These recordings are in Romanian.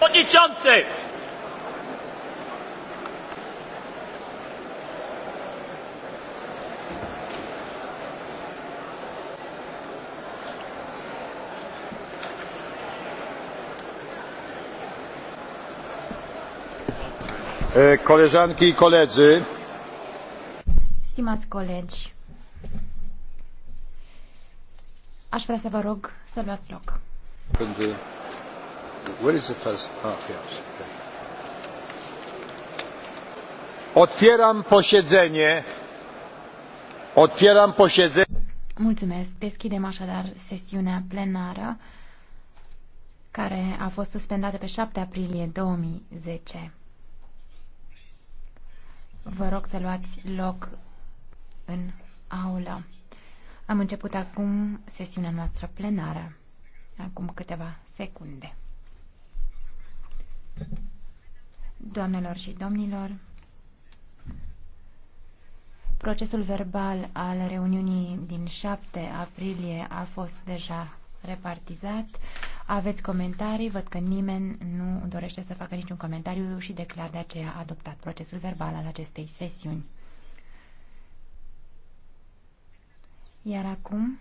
przewodniczący! Koleżanki i koledzy. Stimați colegi, aș vrea să vă rog să luați loc. Când Where is the first? Ah, Okay. Otwieram posiedzenie. Otwieram posiedzenie. Mulțumesc. Deschidem așadar sesiunea plenară care a fost suspendată pe 7 aprilie 2010. Vă rog să luați loc în aulă. Am început acum sesiunea noastră plenară, acum câteva secunde. Doamnelor și domnilor, procesul verbal al reuniunii din 7 aprilie a fost deja repartizat. Aveți comentarii, văd că nimeni nu dorește să facă niciun comentariu și declar de aceea adoptat procesul verbal al acestei sesiuni. Iar acum,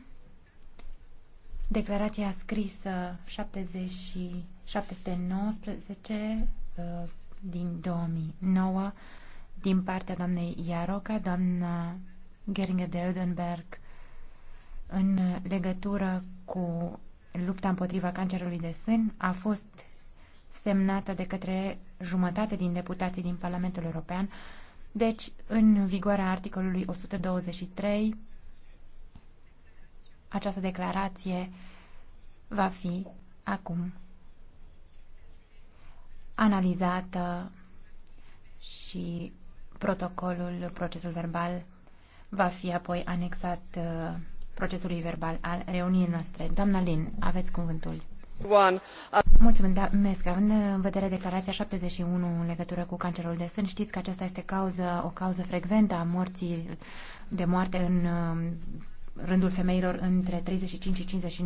declarația scrisă 70 și din 2009 din partea doamnei Iaroca, doamna Geringe de Ödenberg, în legătură cu lupta împotriva cancerului de sân a fost semnată de către jumătate din deputații din Parlamentul European, deci în vigoarea articolului 123 această declarație va fi acum analizată și protocolul, procesul verbal, va fi apoi anexat uh, procesului verbal al reuniunii noastre. Doamna Lin, aveți cuvântul. Da, mulțumesc. Având în vedere declarația 71 în legătură cu cancerul de sân, știți că aceasta este cauză, o cauză frecventă a morții de moarte în uh, rândul femeilor între 35 și 59